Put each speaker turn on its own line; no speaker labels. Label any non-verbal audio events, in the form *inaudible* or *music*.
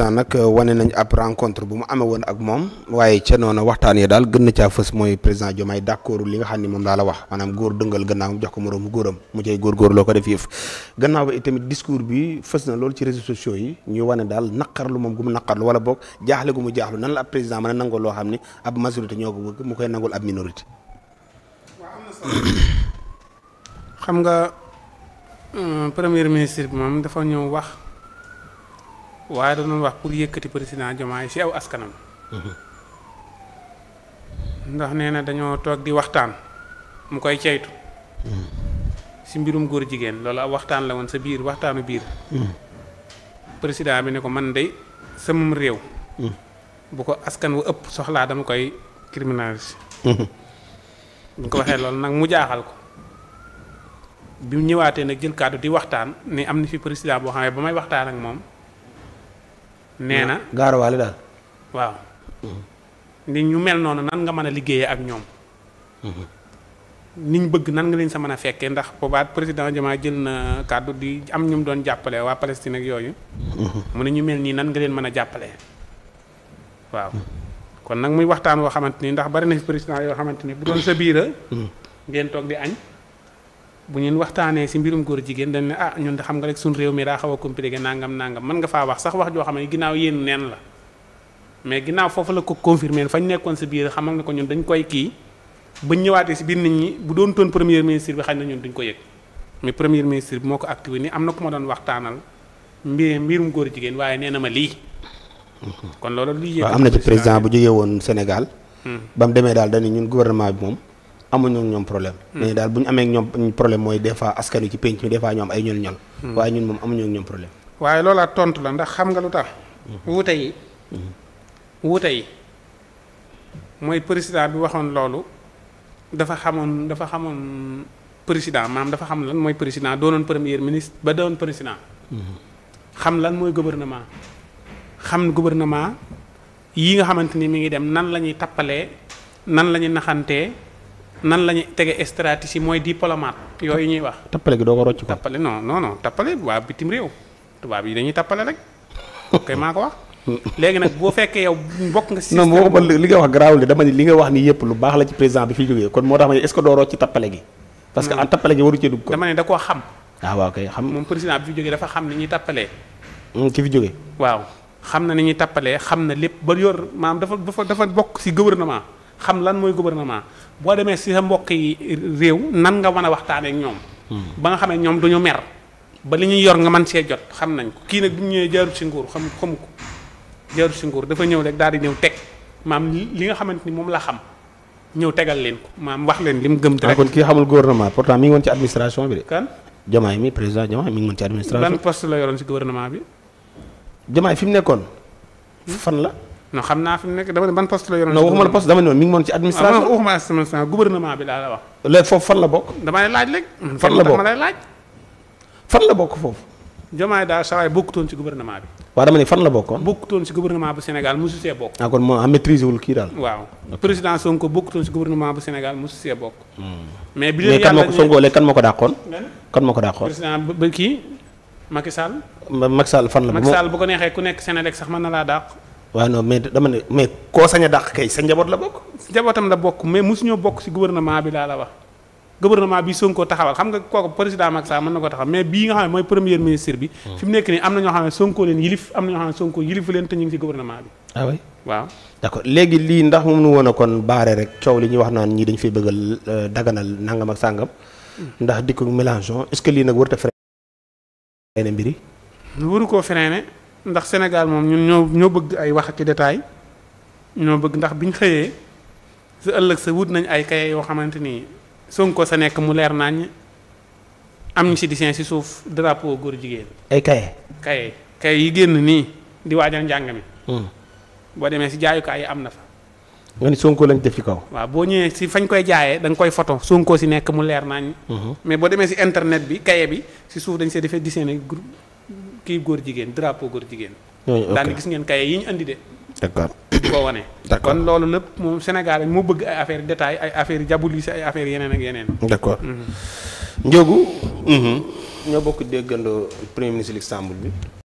président nag euh, wane nañ ab rencontre bu mu amee woon ak moom waaye ca noonu waxtaan yi daal gën na caa fës mooy président Diomaye d'accord li nga xam ni moom daa la wax maanaam góor dëngal gannaaw jox ko moroomu góoram mu cay góorgóor loo ko def yëf gannaaw ba itamit discours bi fës na loolu ci réseaux sociaux yi ñuy wane daal naqarlu moom gu mu naqarlu wala boog jaaxle gu mu jaaxlu nan la ab président mën a nangoo loo xam ni ab majorité ñoo ko bëgg
mu koy waaye da wax pour yëkkati président Diomaye si aw askanam. Mhm. ndax nee na dañoo toog di waxtaan mu koy ceytu. si mhm. mbirum góor jigéen loolu ab waxtaan la woon sa biir waxtaanu biir. Mhm. président bi ne ko man de samum réew. bu ko askan wu ëpp soxlaa dama koy criminaliser. bu ko waxee loolu nag mu jaaxal ko. bi mu ñëwaatee nag jël kàddu di waxtaan ni am na fi président boo xam ne ba may waxtaan ak moom. nee na
gaarawaale daal
waaw nit ñu mel noonu nan nga mën a liggéeyee ak ñoom ni ñu bëgg nan nga leen sa mën a fekkee ndax boobaat président Diomaye jël na kàddu di am ñu doon jàppale waa Palestine ak yooyu mu ne ñu mel nii nan nga leen mën a jàppale waaw kon nag muy waxtaan woo xamante ni ndax bari na président yoo xamante ni bu doon sa biira ngeen toog di añ bu ñun waxtaanee si mbirum góor jigéen dañ ne ah ñun de xam nga rek suñ réew mi daa xaw a compliqué nangam nangam mën nga faa wax sax wax joo xam ne ginnaaw yéen neen la mais ginnaaw foofu la ko confirmé fañ nekkoon si biir xamal nga ko ñun dañ koy kii ba ñëwaatee si biir nit ñi bu doon toon premier ministre bi xañ na ñun duñ ko yëg mais premier ministre bi moo ko activé ni am na ku ma doon waxtaanal mbir mbirum góor jigéen waaye nee na ma lii. Mhm. kon loolu luy yëg. am na ci président bu
jógee woon Sénégal. Hmm. ba mu demee daal dañu ñun gouvernement bi moom. amuñu ñoom problème. Hmm. mais daal bu ñu amee ñoom problème mooy des fois askan wi ci penc mi des fois ñu am ay ñol-ñol. Hmm. waaye ñun moom amuñu ñoom problème.
waaye loolaat tontu la ndax xam nga lu tax. Hmm. wuute yi. wuute yi mooy président bi waxoon loolu dafa xamoon dafa xamoon président maam dafa xam lan mooy président doonoon première ministre ba doon président. xam lan mooy gouvernement. xam gouvernement yi nga xamante ni mi ngi dem nan la ñuy tappalee nan la ñuy naxantee. nan la ñu tege stratégie mooy diplomate yooyu ñuy wax.
tappale gi doo ko rocc ko
tappale non non non tappale waa bitim réew tubaab yi dañuy tappale rek *laughs* kay maa ko wax. léegi nag boo fekkee yow bokk nga. si non boo
wax garaawul dama li nga wax ni yëpp lu baax la ci président bi jógee kon moo tax ma ne est hmm. ko. dama ne da koo xam. ah waaw kay xam
moom président bi fi jógee dafa xam ni ñuy tappalee. Hmm, ki fi jógee. waaw xam na ni ñu tappalee xam na lépp ba yor maanaam dafa dafa dafa bokk si gouvernement. xam lan mooy gouvernement boo demee si sa mbokk yi réew nan nga mën a waxtaaneek ñoom. Hmm. ba nga xamee ñoom duñu mer ba li ñuy yor nga man see jot xam nañ ko kii nag bi mu ñëwee jaarut si nguur xam xamu ko jaarut si nguur dafa ñëw rek daal di ñëw teg maam li nga xamante ni moom la xam. ñëw tegal leen ko maam wax leen li mu gëm. Ah, direct kon kii
xamul gouvernement pourtant mi ngi woon ci administration bi de. kan Diomaye mi président Diomaye mi ngi woon ci administration. fi mu nekkoon.
Hmm? non xam naa fi nekk dama ne ban poste la yoroon. non waxuma la poste
dama ne mi ngi moon ci ah, administration
waaw bi laa la wax.
léegi foofu fan la bokk.
dama fan la bokk dama lay laaj. fan daal saa bokkutoon ci gouvernement bi.
waaw dama ne fan la bokkoon.
bokkutoon ci gouvernement bu Sénégal mosu see bokk.
ah kon moo am ah, maîtrisé wul kii daal. waaw
président Sonko bokkutoon ci gouvernement bu Sénégal mosu see bokk. Hmm. mais bi leen yàlla kan moo ko Sonko léegi
kan moo ko dàqoon. kan moo ko dàqoon
président ba kii Macky Sall.
Macky fan la. Macky Sall
bu ko neexee ku nekk Sénégal sax mën na laa dàq
waaw non mais dama ne mais
koo sañ a kay sa njaboot la bokk. sa njabootam la bokk mais mosuñoo bokk ci gouvernement bi laa la wax gouvernement bi Sonko taxawal xam nga kooku président Macky Sall mën na ko taxawal mais bii nga xam ne mooy premier ministre bi. Hmm. fi mu nekk nii am na ñoo xam ne Sonko leen yilif am na ñoo xam ne Sonko yilifu leen te ñu ngi ci bi. ah waaw.
léegi lii ndax mu nu woon a kon baare rek coow li ñuy wax naan ñii dañu fay bëgg euh, daganal nangam ak sàngam. Hmm. ndax dikku mélangeon est-ce que lii nag warut a freiné mbir
yi. ndax Sénégal moom ñun ñoo ñoo bëgg ay wax ak i détail ñoo bëgg ndax bi ñu xëyee sa ëllëg sa wut nañ ay kaye yoo xamante ni Sonko sa nekk mu leer nañ am ñu si si suuf drapeau góor jigéen. ay kaye. kaye kaye yi génn nii di waajal mi. Hmm. boo demee si jaayukaay yi am na fa.
nga Sonko lañ def ci kaw.
waaw boo ñëwee si fañ koy jaayee da nga koy photo Sonko si nekk mu leer nañ hmm. mais boo demee si internet bi kaye bi si suuf dañ see defee dessin group kii góor jigéen drapeau góor jigéen. daani gis ngeen kaye yi ñu andi de. d'accord di ko wane. d'accord kon loolu lépp moom Sénégal moo bëgg ay affaire détail ay affaire diabolisé ay affaire yeneen ak yeneen.
d'accord mhm. Ndiogou. Mhm. ñoo bokk
déggandoo premier
ministre Luxembourg
bi.